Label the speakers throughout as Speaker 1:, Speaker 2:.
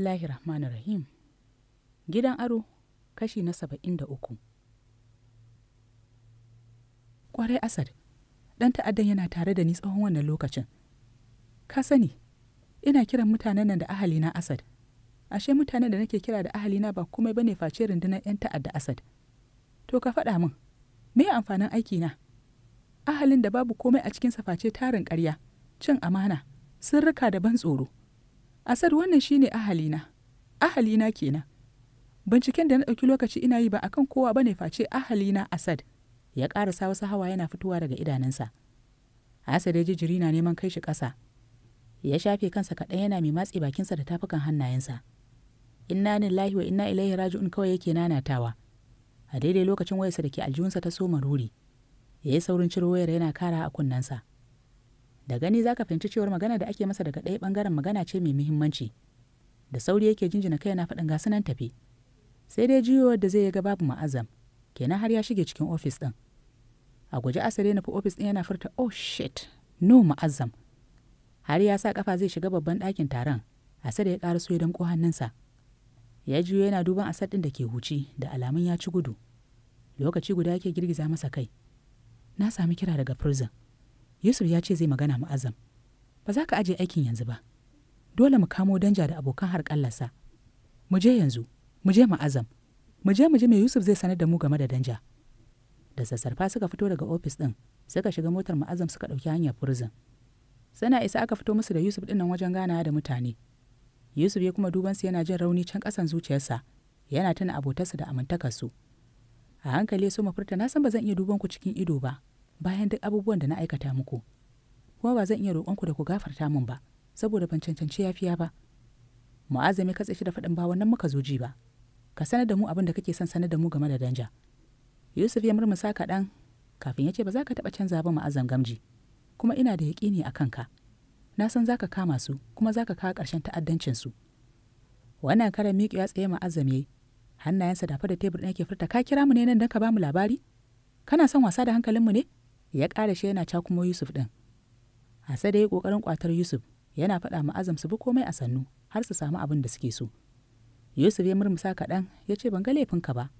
Speaker 1: bismillahir rahmanir rahim gidan aro kashi na saba'in da uku kwarai asad ɗan ta'addan yana tare da ni tsawon wannan lokacin ka sani ina kiran mutanen nan da ahali na asad ashe mutanen da nake kira da ahali na ba komai bane face rundunar 'yan ta'adda asad to ka faɗa min me amfanin aiki na ahalin da babu komai a cikin face tarin ƙarya cin amana sirrika da ban tsoro asad wannan shine ahalina ahalina kenan binciken da na ɗauki lokaci ina yi ba akan kowa bane face ahalina asad ya ƙarasa wasu hawa yana fitowa daga idanunsa asad ya ji jiri na neman kai shi ƙasa ya shafe kansa kaɗan yana mai matse bakinsa da tafukan hannayensa inna lillahi wa inna ilaihi raji'un kawai yake nanatawa a daidai lokacin wayarsa da ke aljihunsa ta soma ruri ya yi saurin ciro wayar yana kara a kunnensa da gani za ka fahimci cewar magana da ake masa daga ɗaya ɓangaren magana ce mai muhimmanci da sauri yake jinjina kai yana faɗin gasu nan tafi sai dai juyowar da zai ga babu ma'azam kenan har ya shige cikin ofis ɗin a guji asare nufi ofis ɗin yana furta oh shit no ma'azam har ya sa kafa zai shiga babban ɗakin taron asar ya ƙara so don danƙo hannunsa ya jiyo yana duban asar ɗin da ke huci da alamun ya ci gudu lokaci guda yake girgiza masa kai na sami kira daga prison yusuf ya ce zai magana mu azam ba za ka aje aikin yanzu ba dole mu kamo danja da abokan harƙallarsa mu je yanzu mu je mu azam mu je mu je me yusuf zai sanar da mu game da danja da sassarfa suka fito daga ofis ɗin suka shiga motar ma'azam suka ɗauki hanyar furzin. sana isa aka fito musu da yusuf dinnan wajen ganawa da mutane yusuf ya kuma duban su yana jin rauni can ƙasan zuciyarsa yana tuna abotarsa da amintakarsu a hankali ya so furta na san ba zan iya duban ku cikin ido ba bayan duk abubuwan da na aikata muku kuma ba zan iya roƙonku da ku gafarta min ba saboda ban cancanci yafiya ba mu'azami ka tsaye da faɗin ba wannan muka zo ji ba ka sanar da mu abin da kake son sanar da mu game da danja yusuf ya murmusa kaɗan kafin ya ce ba za ka taɓa canza ba mu'azzam gamji kuma ina da yaƙini a kanka na san za ka kama su kuma za ka kawo ƙarshen ta'addancinsu wannan karan miƙo ya tsaye ma'azam ya yi hannayensa dafa da tebur ɗin yake furta ka kira mu ne nan don ka ba mu labari kana son wasa da hankalinmu ne ya ƙara shi yana cakumo yusuf ɗin hasa da ya ƙoƙarin ƙwatar yusuf yana faɗa ma azam su bi komai a sannu har su samu abin da suke so yusuf ya murmusa kaɗan ya ce ban ga laifinka ba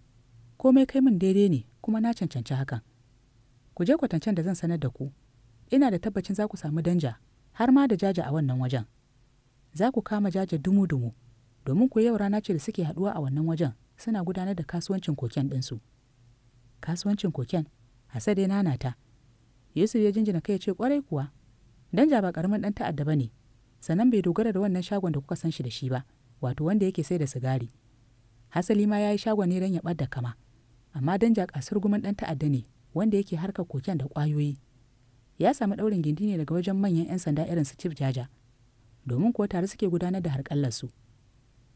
Speaker 1: komai kai min daidai ne kuma na cancanci hakan ku je kwatancen da zan sanar da ku ina da tabbacin za ku samu danja har ma da jaja a wannan wajen za ku kama jaja dumu-dumu domin ku yau rana ce da suke haɗuwa a wannan wajen suna gudanar da kasuwancin koken ɗinsu kasuwancin koken ya nanata yusuf ya jinjina kai ya ce kwarai kuwa danja ba karamin dan ta'adda ba ne sannan bai dogara da wannan shagon da kuka san shi da shi ba wato wanda yake sai da sigari hasali ma ya yi shagon ne don ya ɓadda kama amma danja kasar gumin dan ta'adda ne wanda yake harka koken da kwayoyi ya samu ɗaurin gindi ne daga wajen manyan 'yan sanda irin su Chief jaja domin ko tare suke gudanar da su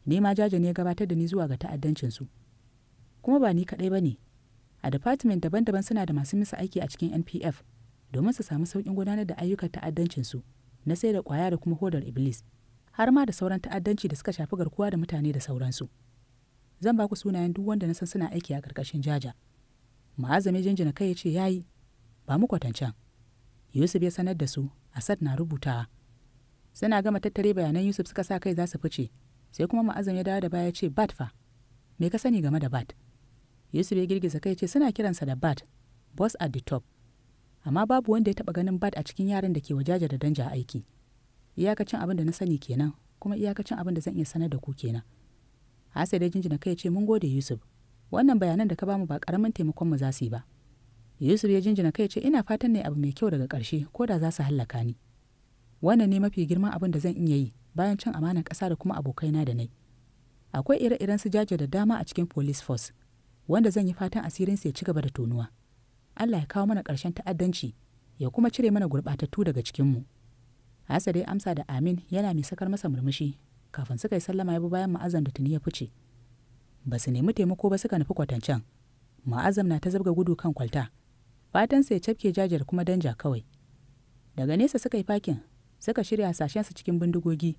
Speaker 1: ni ma jaja ne gabatar da ni zuwa ga ta'addancin su kuma ba ni kadai ba ne a department daban-daban suna da masu misa aiki a cikin npf domin su samu sauƙin gudanar da ayyukan ta'addancinsu na sai da ƙwaya da kuma hodar iblis har ma da sauran ta'addanci da suka shafi garkuwa da mutane da sauransu zan ba ku sunayen duk wanda na san suna aiki a ƙarƙashin jaja ma'azami jinjina kai ya ce ya yi ba mu kwatancan yusuf ya sanar da su asad na rubutawa suna gama tattare bayanan yusuf suka sa kai za su fice sai kuma ma'azami ya dawo da baya ya ce bat fa me ka sani game da bat yusuf ya girgiza kai ya ce suna kiransa da bat boss at the top amma babu wanda ya taɓa ganin bad a cikin yaran da ke wajaja da danja aiki iyakacin abin da na sani kenan kuma iyakacin abin da zan iya sanar da ku kenan sai da jinjina kai ce mun gode yusuf wannan bayanan da ka bamu ba karamin taimakon mu za su yi ba yusuf ya jinjina kai ce ina fatan ne abu mai kyau daga karshe ko da za su hallaka ni wannan ne mafi girman abin da zan iya yi bayan cin amanan ƙasa da kuma abokaina da nai akwai ire-iren su jaje da dama a cikin police force wanda zan yi fatan asirin su ya ci gaba da tonuwa. Allah ya kawo mana ƙarshen ta'addanci ya kuma cire mana gurɓatattu daga cikinmu. Hasa dai amsa da Amin yana mai sakar masa murmushi kafin suka yi sallama ya bi bayan ma'azam da tuni ya fice. Ba su nemi taimako ba suka nufi kwatancen Ma'azam na ta zabga gudu kan kwalta. Fatan Fatansa ya cafke jajar kuma danja kawai. Daga nesa suka yi fakin suka shirya hasashensu cikin bindigogi.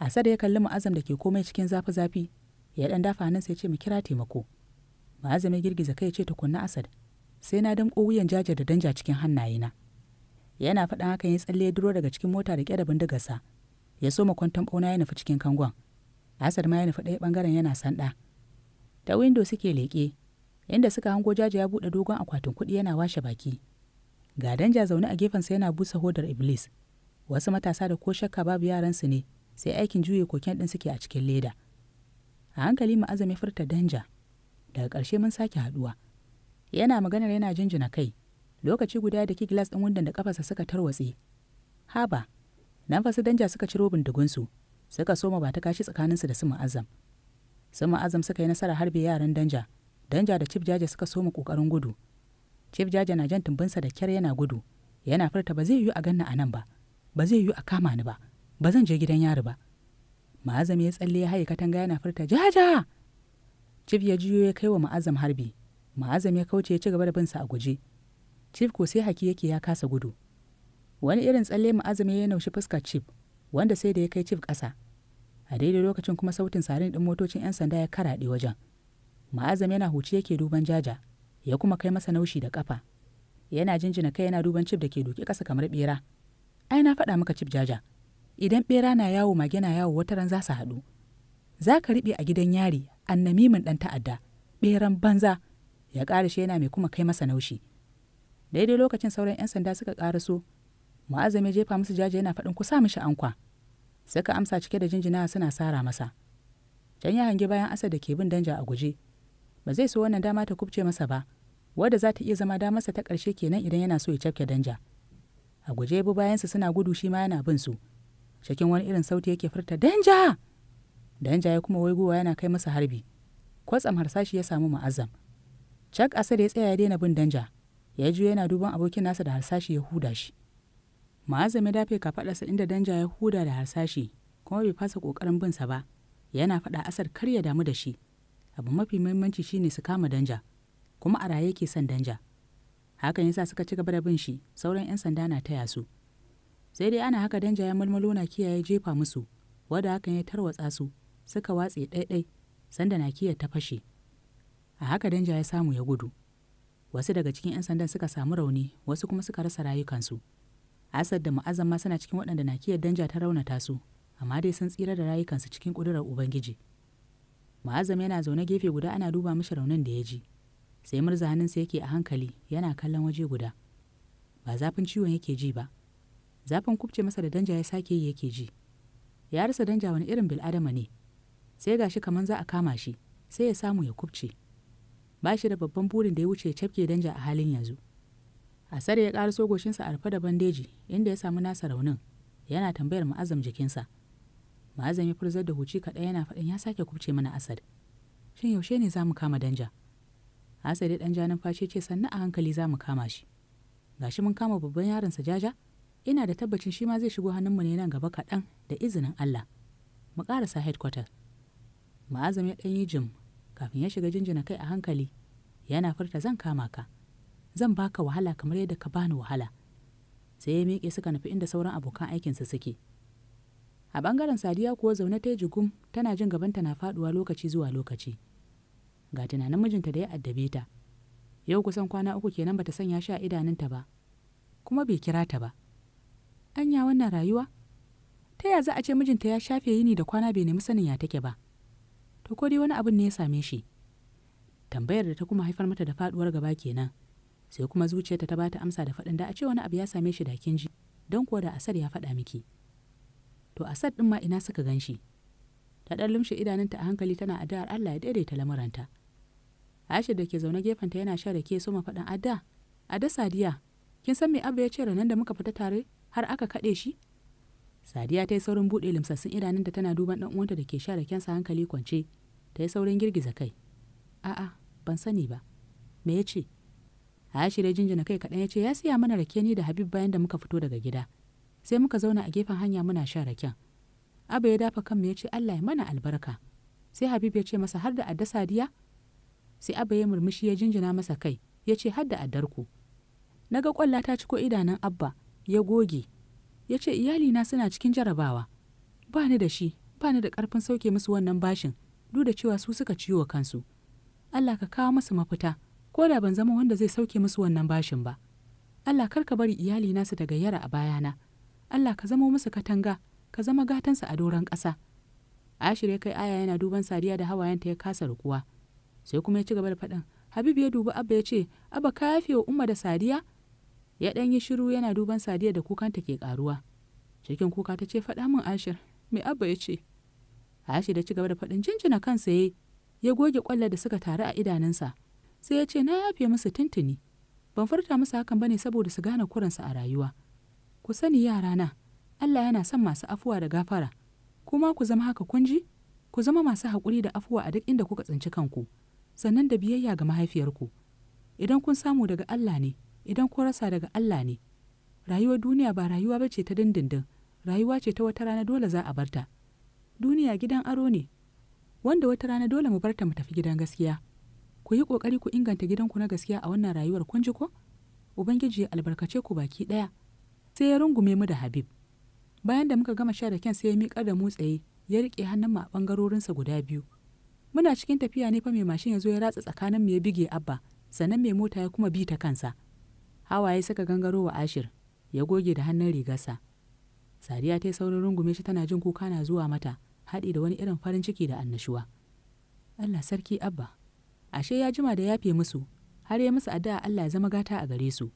Speaker 1: Asad ya kalli ma'azam da ke komai cikin zafi-zafi ya ɗan dafa hannunsa ya ce mu kira taimako. Ma'azam ya girgiza kai ya ce tukunna Asad. sai na damƙo wuyan jaja da danja cikin hannayena yana faɗan haka ya tsalle ya duro daga cikin mota da ƙyada bindigarsa ya soma kwanton ɓauna ya nufi cikin kangon asar ma ya nufi ɗaya ɓangaren yana sanda ta windo suke leƙe inda suka hango jaja ya buɗe dogon akwatin kuɗi yana washe baki ga danja zaune a gefen gefensa yana busa hodar iblis wasu matasa da ko shakka babu yaransu ne sai aikin juye koken ɗin suke a cikin leda a hankali ma azumi furta danja daga ƙarshe mun sake haɗuwa yana maganar yana jinjina kai lokaci guda da ke gilas ɗin wundan da ƙafarsa suka tarwatse haba nan fa su danja suka ciro bindigunsu suka soma ba ta kashi tsakaninsu da su ma'azam su ma'azam suka yi nasara harbe yaran danja danja da cif jaja suka soma ƙoƙarin gudu cif jaja na jan tumbinsa da kyar yana gudu yana furta ba zai yi a ganna a nan ba ba zai yi a kama ni ba ba zan je gidan yari ba ma'azam ya tsalle ya haye katanga yana furta jaja cif ya jiyo ya kai wa ma'azam harbi ma'azam ya kauce ya ci gaba da binsa a guje chief ko sai haki yake ya kasa gudu wani irin tsalle ma'azam ya naushi fuskar chief wanda sai da ya kai chief ƙasa a daidai lokacin kuma sautin sarin din motocin 'yan sanda ya karaɗe wajen ma'azam yana huci yake duban jaja ya kuma kai masa naushi da kafa. yana jinjina kai yana duban cif da ke duke ƙasa kamar ɓera ai na faɗa maka cif jaja idan ɓera na yawo mage na yawo wata ran za su haɗu za ka riɓe a gidan yari annamimin ɗan ta'adda ɓeran banza ya shi yana mai kuma kai masa naushi daidai lokacin sauran 'yan sanda suka ƙara so. mu'azzam ya jefa musu jaje yana faɗin kusa mishi ankwa suka amsa cike da jinjina suna sara masa can ya hangi bayan asad da ke bin danja a guje ba zai so wannan dama ta kubce masa ba wadda za ta iya zama damarsa ta ƙarshe kenan idan yana so ya cafke danja a guje bi bayansa suna gudu shi ma yana bin su cikin wani irin sauti yake furta danja danja ya kuma waigowa yana kai masa harbi kwatsam harsashi ya samu mu'azzam Chuck Asad ya tsaya ya daina bin danja, ya ji yana duban abokin nasa da harsashi ya huda shi. Ma'azin ya dafe kafaɗarsa inda danja ya huda da harsashi, kuma bai fasa ƙoƙarin bin sa ba. Yana faɗa asar kar ya damu da shi. Abu mafi muhimmanci shine su kama danja, kuma a raye yake son danja. Hakan yasa suka ci gaba da bin shi, sauran 'yan sanda na taya su. Sai dai ana haka danja ya malmalo na kiyaye jefa musu, wanda hakan ya tarwatsa su, suka watse ɗaiɗai, sanda na kiyaye ta fashe. a haka danja ya samu ya gudu wasu daga cikin 'yan sandan suka samu rauni wasu kuma suka rasa rayukansu asad da mu'azzam ma suna cikin waɗanda na kiyar danja ta raunata su amma dai sun tsira da rayukansu cikin ƙudurar ubangiji mu'azzam yana zaune gefe guda ana duba mishi raunin da ya ji sai murza hannunsa yake a hankali yana kallon waje guda ba zafin ciwon yake ji ba zafin kubce masa da danja ya sake yi yake ji ya rasa danja wani irin bil'adama ne sai gashi kaman za a kama shi sai ya samu ya kubce ba shi da babban burin da ya wuce cafke danja a halin yanzu sare ya ƙara sogoshinsa a rufe da bandeji inda ya samu nasa raunin yana tambayar ma'azam jikinsa ma'azam ya furzar da huci kaɗai yana faɗin ya sake kubce mana asad shin yaushe ne za mu kama danja asad ya ɗan ja numfashi ce sannan a hankali za mu kama shi gashi mun kama babban yaronsa jaja ina da tabbacin shi ma zai shigo hannunmu ne nan gaba kaɗan da izinin allah mu ƙarasa headquarter ma'azam ya ɗan yi jim kafin ya shiga jinjina kai a hankali yana furta zan kama ka zan baka wahala kamar yadda ka bani wahala sai ya miƙe suka nufi inda sauran abokan aikinsa suke a ɓangaren sadiya kuwa zaune ta yi jigum tana jin gabanta na faɗuwa lokaci zuwa lokaci ga tunanin mijinta da ya addabe ta yau kusan kwana uku kenan bata sanya shi a idanunta ba kuma bai kira ta ba anya wannan rayuwa ta ya za a ce mijinta ya shafe yini da kwana bai nemi sanin ya take ba to ko dai wani abin ne ya same shi tambayar da ta kuma haifar mata da faduwar gaba kenan sai kuma zuciyarta ta bata amsa da faɗin da a ce wani abu ya same shi da kin ji don kuwa da asar ya faɗa miki to asar ɗin ma ina suka gan shi ta ɗan lumshe idanunta a hankali tana addu'ar Allah ya daidaita lamuranta Aisha da ke zaune gefenta yana shan rake so ma faɗin adda adda sadiya kin san me abu ya ce ranar da muka fita tare har aka kaɗe shi sadiya ta yi saurin buɗe limsassun da tana duban ɗan uwanta da ke sha rakensa hankali kwance ta yi saurin girgiza kai a'a ban sani ba me ya ce Ayashi da jinjina kai kaɗan ya ce ya siya mana rake ni da Habib bayan da muka fito daga gida. Sai muka zauna a gefen hanya muna sha raken. Aba ya dafa kan ya ce Allah ya mana albarka. Sai Habib ya ce masa har da adda sadiya? Sai Aba ya murmushi ya jinjina masa kai ya ce har da Addarku? Na ga kwalla ta ciko idanun Abba ya goge ya ce iyalina suna cikin jarabawa ba ni da shi ba ni da ƙarfin sauke musu wannan bashin duk da cewa su suka ciwo kansu Allah ka kawo musu mafita ko da ban zama wanda zai sauke musu wannan bashin ba Allah kar ka bari iyalina su daga yara a bayana Allah ka zamo musu katanga ka zama su a doron ƙasa Ashir ya kai aya yana duban Sadiya da hawayenta ya kasa rukuwa sai kuma ya ci gaba da faɗin Habibu ya dubi Abba ya ce Abba ka yafe wa Umma da Sadiya ya ɗan yi shiru yana duban sadiya da kukanta ke ƙaruwa cikin kuka ta ce faɗa min ashir mai abba ya ce ashir da ci gaba da faɗin jinjina kansa ya ya goge ƙwalla da suka taru a idanunsa sai ya ce na yafe musu tuntuni ban furta musu hakan bane saboda su gane kuransu a rayuwa ku sani yarana Allah yana son masu afuwa da gafara kuma ku zama haka kunji ku zama masu haƙuri da afuwa a duk inda kuka tsinci kanku sannan da biyayya ga mahaifiyarku idan kun samu daga Allah ne idan ko rasa daga Allah ne rayuwar duniya ba rayuwa ba ce ta dindindin rayuwa ce ta wata rana dole za a barta duniya gidan aro ne wanda wata rana dole mu barta mu tafi gidan gaskiya ku yi ƙoƙari ku inganta gidanku na gaskiya a wannan rayuwar kun ji ko ubangiji ya albarkace ku baki ɗaya sai ya rungume mu da habib bayan da muka gama sha da kyan sai ya miƙar da mu ya riƙe hannun mu a ɓangarorinsa guda biyu muna cikin tafiya ne fa mai mashin ya zo ya ratsa tsakanin mu ya bige abba sannan mai mota ya kuma bi ta kansa hawaye suka gangaro wa ashir ya goge da hannun rigarsa sadiya ta yi saurin rungume shi tana jin kuka na zuwa mata haɗi da wani irin farin ciki da annashuwa allah sarki abba ashe ya jima da yafe musu har ya musu addu'a allah ya zama gata a gare su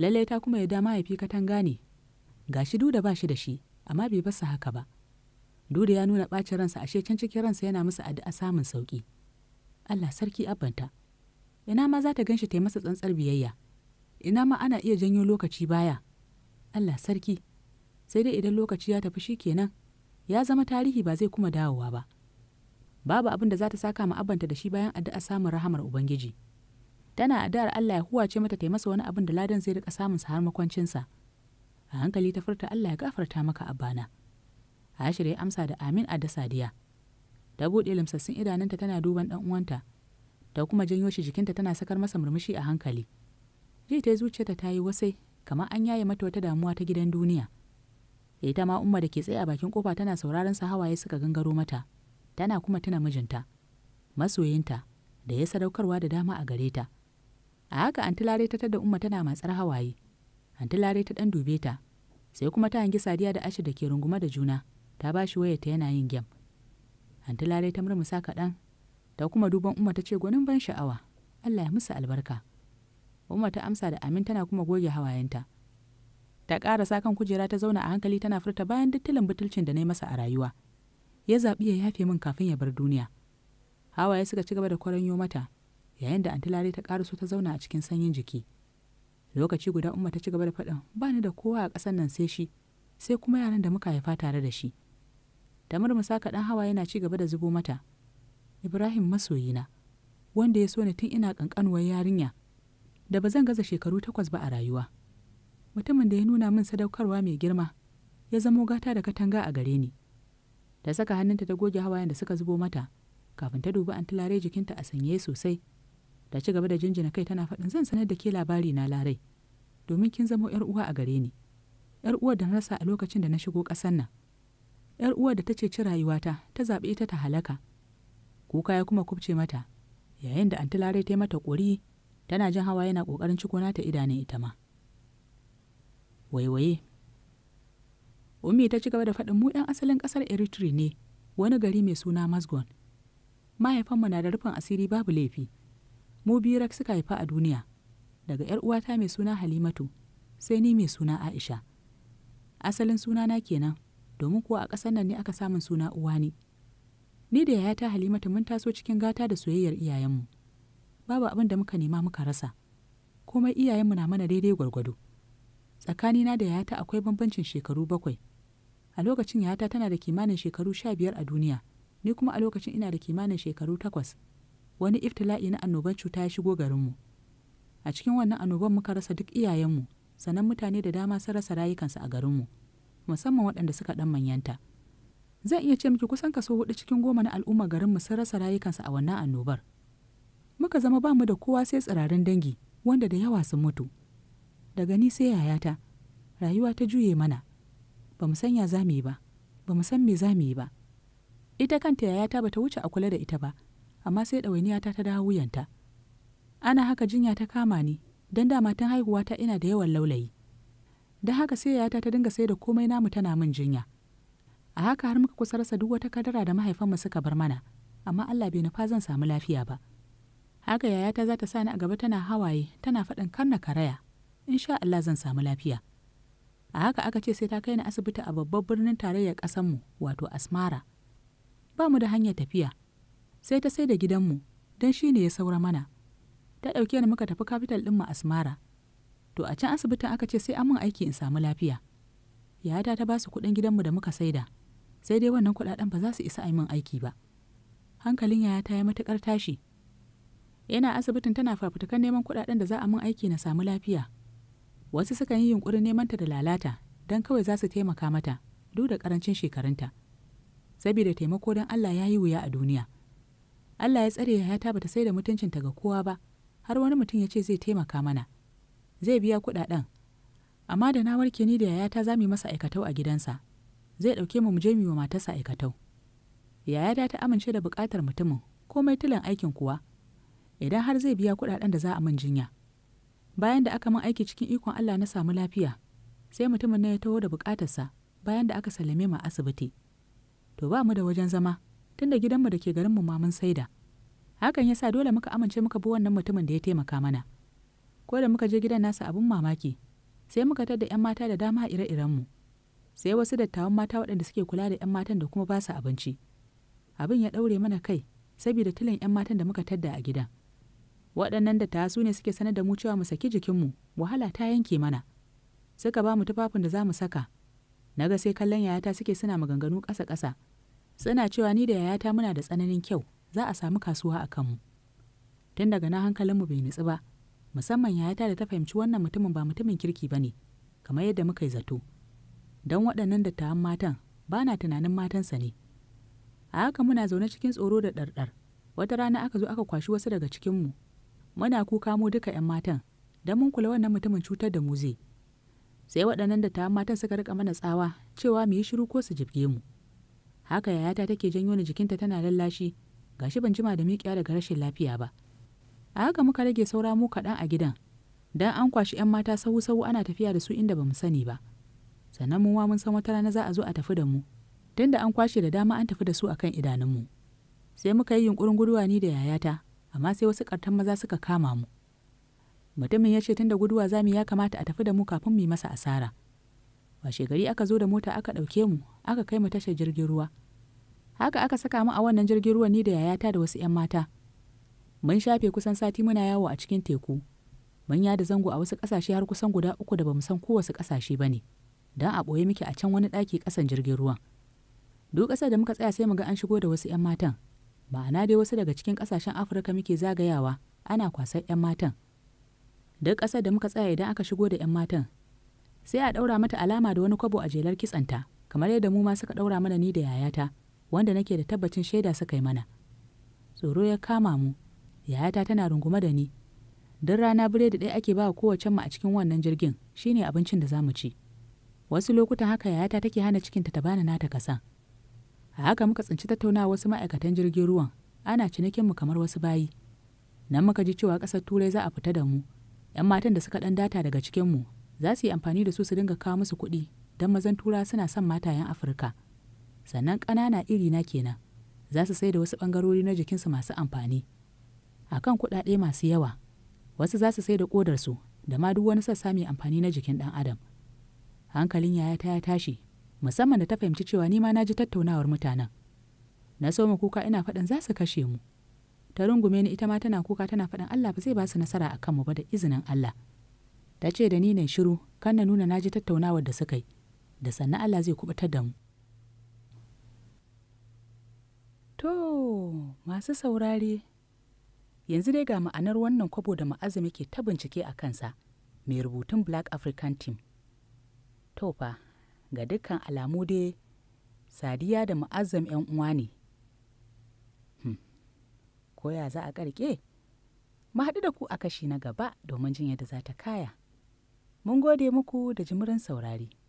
Speaker 1: lallai ta kuma ya da mahaifi katanga ne gashi duda ba shi da shi amma bai basu haka ba duda ya nuna ɓacin ransa ashe can cikin ransa yana musu addu'a samun sauki allah sarki abbanta ina ma za ta ganshi ta masa tsantsar biyayya ina ma ana iya janyo lokaci baya allah sarki sai dai idan lokaci ya tafi shi kenan ya zama tarihi ba zai kuma dawowa ba babu abin da za ta saka ma abanta da shi bayan addu'a samun rahamar ubangiji tana addu'ar allah ya huwace mata ta masa wani abin da ladan zai rika samun sa har makwancinsa a hankali ta furta allah ya gafarta maka abana ashir ya amsa da amin a da sadiya ta buɗe limsassun idanunta tana duban ɗan uwanta ta kuma janyo shi jikinta tana sakar masa murmushi a hankali ita ta zuciyarta ta yi wasai kamar an yaye mata wata damuwa ta gidan duniya ita ma umma da ke tsaye a bakin kofa tana sauraron sa hawaye suka gangaro mata tana kuma tuna mijinta masoyinta da ya sadaukarwa da dama a gare ta a haka antilare ta da umma tana matsar hawaye antilare ta dan dube ta sai kuma ta hangi sadiya da ashir da ke runguma da juna ta ba shi wayata yana yin gyam antilare ta murmusa kaɗan ta kuma duban umma ta ce gwanin ban sha'awa allah ya musu albarka umma ta amsa da amin tana kuma goge hawayenta ta ƙara kan kujera ta zauna a hankali tana furta bayan dattalin butulcin da na yi masa a rayuwa ya zaɓi ya yafe min kafin ya bar duniya hawaye suka ci gaba da kwaranyo mata yayin da antilare ta ƙara so ta zauna a cikin sanyin jiki lokaci guda umma ta ci gaba da faɗin ba ni da kowa a ƙasar nan sai shi sai kuma yaran da muka haifa tare da shi da murmusa kaɗan hawa yana ci gaba da zubo mata ibrahim masoyina wanda ya so ni tun ina ƙanƙanuwar yarinya da ba zan gaza shekaru takwas ba a rayuwa mutumin da ya nuna min sadaukarwa mai girma ya zamo gata da katanga a gare ni Ta saka hannunta ta goge hawayen da suka zubo mata kafin ta dubi an tilare jikinta a sanye sosai ta ci gaba da jinjina kai tana faɗin zan sanar da ke labari na larai domin kin zamo yar uwa a gare ni yar uwar da na rasa a lokacin da na shigo ƙasan nan yar uwar da ta ci rayuwata ta zaɓe ita ta halaka kuka ya kuma kubce mata yayin da tilare ta yi mata ƙuri tana jin hawa yana ƙoƙarin ciko ta idanun ita ma waiwaye ummi ta ci gaba da faɗin mu 'yan asalin ƙasar eritrea ne wani gari mai suna masgon mahaifanmu na da rufin asiri babu laifi mu biyu rak suka haifa a duniya daga 'yar uwata mai suna halimatu sai ni mai suna aisha asalin suna na kenan domin kuwa a ƙasar nan ne aka samun suna uwani ni da yayata halimatu mun taso cikin gata da soyayyar iyayenmu babu abin da muka nema muka rasa komai iyayenmu na mana daidai gwargwado tsakanina da yayata akwai bambancin shekaru bakwai a lokacin yayata tana da kimanin shekaru sha biyar a duniya ni kuma a lokacin ina da kimanin shekaru takwas wani iftila'i na annoban cuta ya shigo garinmu a cikin wannan annoban muka rasa duk iyayenmu sannan mutane da dama sun rasa rayukansu a garinmu musamman waɗanda suka ɗan manyanta zan iya ce miki kusan kaso hudu cikin goma na al'ummar garinmu sun rasa rayukansu a wannan annobar muka zama ba mu da kowa sai tsirarin dangi wanda da yawa sun mutu daga ni sai yayata rayuwa ta juye mana ba mu san za mu yi ba ba mu san me za mu yi ba ita kanta yayata ba ta wuce a kula da ita ba amma sai ɗawainiyata ta dawo wuyanta ana haka jinya ta kama ni don dama tun haihuwata ina da yawan laulayi don haka sai yayata ta dinga sai da komai namu tana min jinya a haka har muka kusa rasa duk wata kadara da mahaifanmu suka bar mana amma Allah bai nufa zan samu lafiya ba haka yayata za ta sani a gaba tana hawaye tana faɗin karna karaya in sha Allah zan samu lafiya a haka aka ce sai ta kai ni asibiti a babban birnin tarayyar ƙasanmu wato asmara ba mu da hanyar tafiya sai ta sai da gidanmu don shi ne ya saura mana ta ɗauke ni muka tafi kafital ɗinmu asmara to a can asibitin aka ce sai an mun aiki in samu lafiya yayata ta ba su kuɗin gidanmu da muka saida sai dai wannan kuɗaɗen ba za su isa a min aiki ba hankalin yayata ya matuƙar tashi yana asibitin tana fafutukan neman kuɗaɗen da za a mun aiki na samu lafiya wasu sukan yi yunkurin neman ta da lalata don kawai za su taimaka mata duk da karancin shekarunta saboda taimako don Allah ya yi wuya a duniya Allah ya tsare yayata bata sai da mutuncinta ga kowa ba har wani mutum ya ce zai taimaka mana zai biya kuɗaɗen amma da na warke ni da yayata za mu masa aikatau a gidansa zai ɗauke mu mu je mu wa matarsa aikatau yaya ta amince da buƙatar mutumin komai tilan aikin kuwa idan har zai biya kuɗaɗen da za a min jinya bayan da aka min aiki cikin ikon Allah na samu lafiya sai mutumin na ya taho da bukatarsa bayan da aka sallame mu asibiti to ba mu da wajen zama tunda gidanmu da ke garin mu mamun saida hakan yasa dole muka amince muka bi wannan mutumin da ya taimaka mana ko da muka je gidan nasa abin mamaki sai muka tada yan mata da dama ire iren mu sai wasu dattawan mata waɗanda suke kula da yan matan da kuma ba su abinci abin ya ɗaure mana kai saboda tilin yan matan da muka tadda a gidan waɗannan da ta su ne suke sanar da mu cewa mu saki jikinmu wahala ta yanke mana suka ba mu tufafin da za mu saka na ga sai kallon yayata suke suna maganganu ƙasa-ƙasa suna cewa ni da yayata muna da tsananin kyau za a samu kasuwa a kanmu tun daga na hankalinmu bai nutsu ba musamman yayata da ta fahimci wannan mutumin ba mutumin kirki ba ne kamar yadda muka yi zato don waɗannan dattawan matan ba na tunanin matansa ne a haka muna zaune cikin tsoro da ɗarɗar wata rana aka zo aka kwashi wasu daga cikinmu muna kuka mu duka 'yan matan don mun kula wannan mutumin cutar da mu zai sai waɗannan da ta matan suka rika mana tsawa cewa mu yi shiru ko su jibge mu haka yayata take janyo ni jikinta tana lallashi gashi ban jima da miƙiya daga rashin lafiya ba a haka muka rage saura mu kaɗan a gidan don an kwashi 'yan mata sahu sahu ana tafiya da su inda ba mu sani ba sannan mu ma mun san wata rana za a zo a tafi da mu tunda an kwashe da dama an tafi da su akan idanunmu sai muka yi yunkurin guduwa ni da yayata amma sai wasu ƙartan maza suka kama mu mutumin ya ce tunda guduwa zamu ya kamata a tafi da mu kafin mu masa asara washe gari aka zo da mota aka ɗauke mu aka kai mu tashar jirgin ruwa haka aka saka mu a wannan jirgin ruwan ni da yayata da wasu 'yan mata mun shafe kusan sati muna yawo a cikin teku mun da zango a wasu ƙasashe har kusan guda uku da bamu san ko wasu ƙasashe ne. don a ɓoye muke a can wani ɗaki ƙasan jirgin ruwan duk ƙasa da muka tsaya sai mu ga an shigo da wasu 'yan matan ma'ana dai wasu daga cikin ƙasashen afirka muke zagayawa ana kwasar 'yan matan duk ƙasar da muka tsaya idan aka shigo da 'yan matan sai a ɗaura mata alama da wani kwabo a jelar kitsanta kamar yadda mu ma suka ɗaura mana ni da yayata wanda nake da tabbacin shaida suka yi mana tsoro ya kama mu yayata tana rungume da ni don rana biredi ɗaya ake ba kowace mu a cikin wannan jirgin shine abincin da za mu ci wasu lokutan haka yayata take hana cikinta ta bani nata kasan a haka muka tsinci tattauna wasu ma'aikatan jirgin ruwan ana cinikin mu kamar wasu bayi nan muka ji cewa ƙasar turai za a fita da mu yan matan da suka ɗan data daga cikin mu za su yi amfani da su su dinga kawo musu kuɗi don mazan tura suna son matayen afirka sannan ƙanana iri na kenan za su sai da wasu ɓangarori na jikinsu masu amfani a kan kuɗaɗe masu yawa wasu za su sai da ƙodarsu da ma duk wani sassa mai amfani na jikin ɗan adam hankalin yaya ta ya tashi musamman da ta fahimci cewa ni ma na ji tattaunawar mutanen na so mu kuka ina faɗin za su kashe mu ta rungume ni ita ma tana kuka tana faɗin Allah ba zai ba su nasara a kanmu ba da izinin Allah ta ce da ni ne shiru kan na nuna na ji tattaunawar da suka yi da sannan Allah zai kubutar da mu to masu saurare yanzu dai ga ma'anar wannan kwabo da ma'azumi ke ta bincike a kansa mai rubutun black african team to fa ga dukkan alamu dai sadiya da mu'azzam 'yan uwa ne hmm. koya za a ƙarƙe mu haɗu da ku a kashi na gaba domin jin yadda za ta kaya mun gode muku da jimirin saurari.